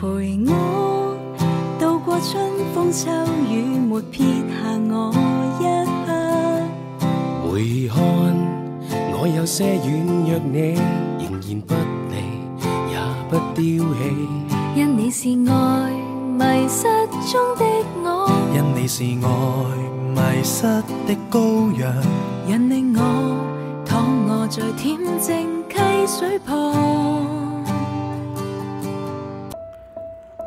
陪我渡過春風秋雨，沒撇下我一刻。回看我有些軟弱你，你仍然不離也不丟棄。因你是愛迷失中的我，因你是愛迷失的羔羊，引領我躺臥在恬靜溪水旁。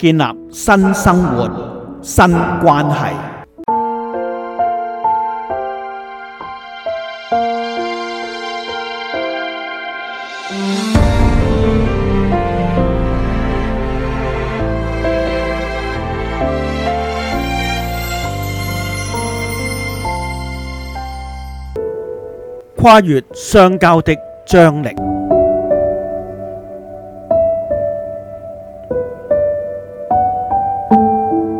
建立新生活、新關係，跨越相交的張力。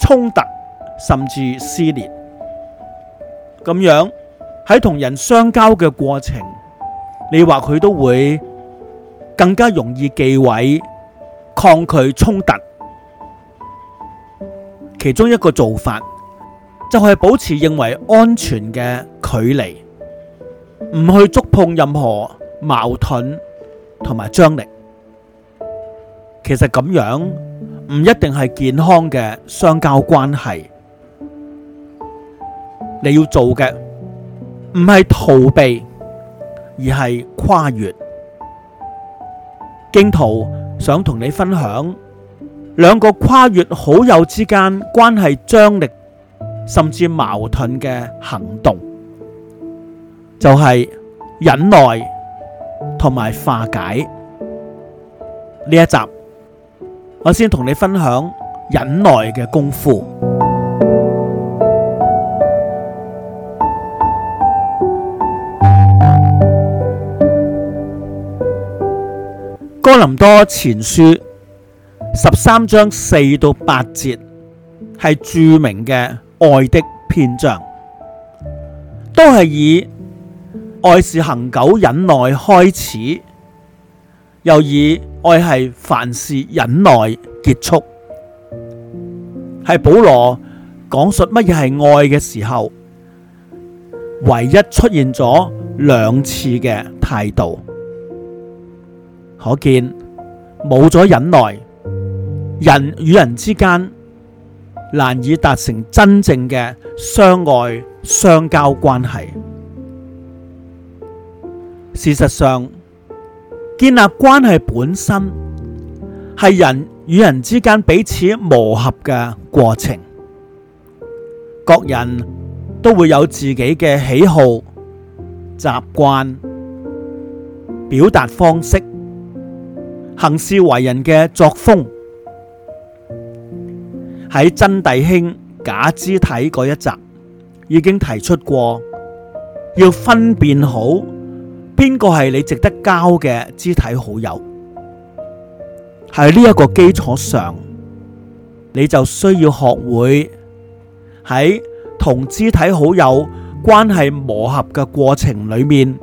衝突甚至撕裂，咁樣喺同人相交嘅過程，你或許都會更加容易忌諱抗拒衝突。其中一個做法就係保持認為安全嘅距離，唔去觸碰任何矛盾同埋張力。其實咁樣。唔一定係健康嘅相交關係，你要做嘅，唔係逃避，而係跨越。荊徒想同你分享兩個跨越好友之間關係張力甚至矛盾嘅行動，就係忍耐同埋化解呢一集。我先同你分享忍耐嘅功夫，《哥林多前書》十三章四到八節係著名嘅愛的篇章，都係以愛是恒久忍耐開始。又以愛係凡事忍耐結束，係保羅講述乜嘢係愛嘅時候，唯一出現咗兩次嘅態度，可見冇咗忍耐，人與人之間難以達成真正嘅相愛相交關係。事實上。建立關係本身係人與人之間彼此磨合嘅過程，各人都會有自己嘅喜好、習慣、表達方式、行事為人嘅作風。喺《真弟兄假肢體》嗰一集已經提出過，要分辨好。邊個係你值得交嘅肢體好友？喺呢一個基礎上，你就需要學會喺同肢體好友關係磨合嘅過程裏面，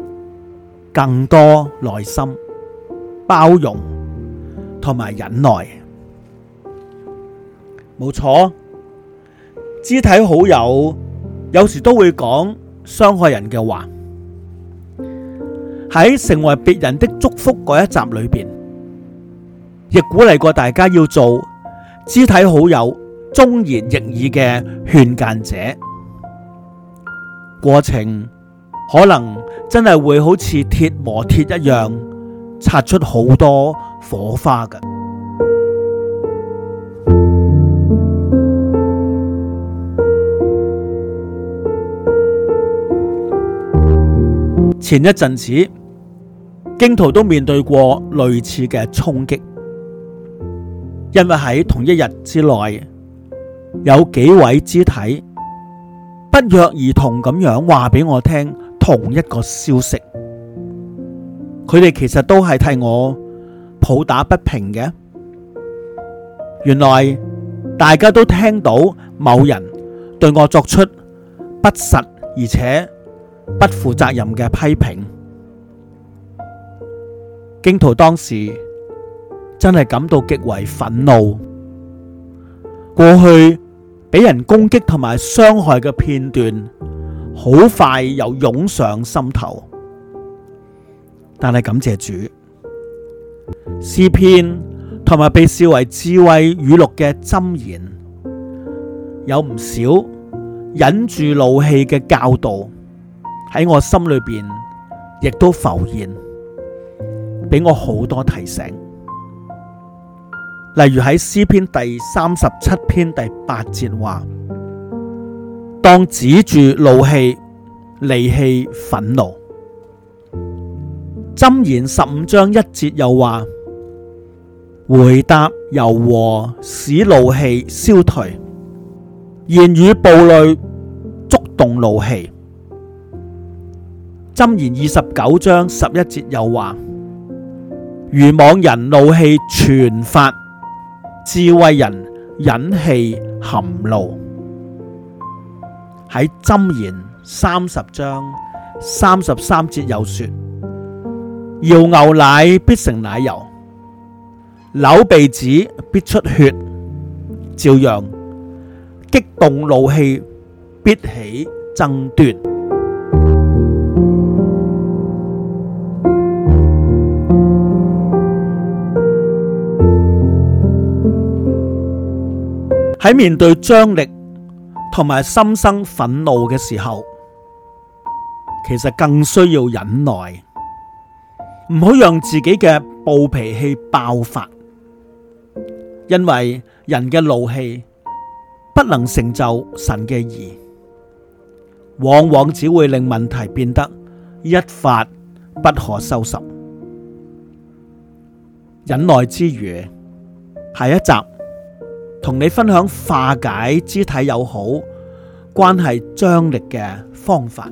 更多耐心、包容同埋忍耐。冇錯，肢體好友有時都會講傷害人嘅話。喺成為別人的祝福嗰一集裏邊，亦鼓勵過大家要做肢體好友、忠言逆耳嘅勸諫者。過程可能真係會好似鐵磨鐵一樣，擦出好多火花㗎。前一陣子，荊徒都面對過類似嘅衝擊，因為喺同一日之內，有幾位肢體不約而同咁樣話俾我聽同一個消息，佢哋其實都係替我抱打不平嘅。原來大家都聽到某人對我作出不實而且不負責任嘅批評。荊徒當時真係感到極為憤怒，過去俾人攻擊同埋傷害嘅片段，好快又湧上心頭。但係感謝主，詩篇同埋被視為智慧語錄嘅箴言，有唔少忍住怒氣嘅教導喺我心裏邊，亦都浮現。俾我好多提醒，例如喺詩篇第三十七篇第八節話，當止住怒氣、戾氣、憤怒。箴言十五章一節又話，回答柔和，使怒氣消退；言語暴戾，觸動怒氣。箴言二十九章十一節又話，愚妄人怒氣全發，智慧人忍氣含怒。喺箴言三十章三十三節，有說，搖牛奶必成奶油，扭鼻子必出血，照樣，激動怒氣必起爭端。喺面對張力同埋心生憤怒嘅時候，其實更需要忍耐，唔好讓自己嘅暴脾氣爆發，因為人嘅怒氣不能成就神嘅義，往往只會令問題變得一發不可收拾。忍耐之餘，下一集。同你分享化解肢體友好關係張力嘅方法。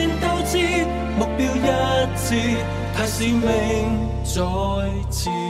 太使命在前。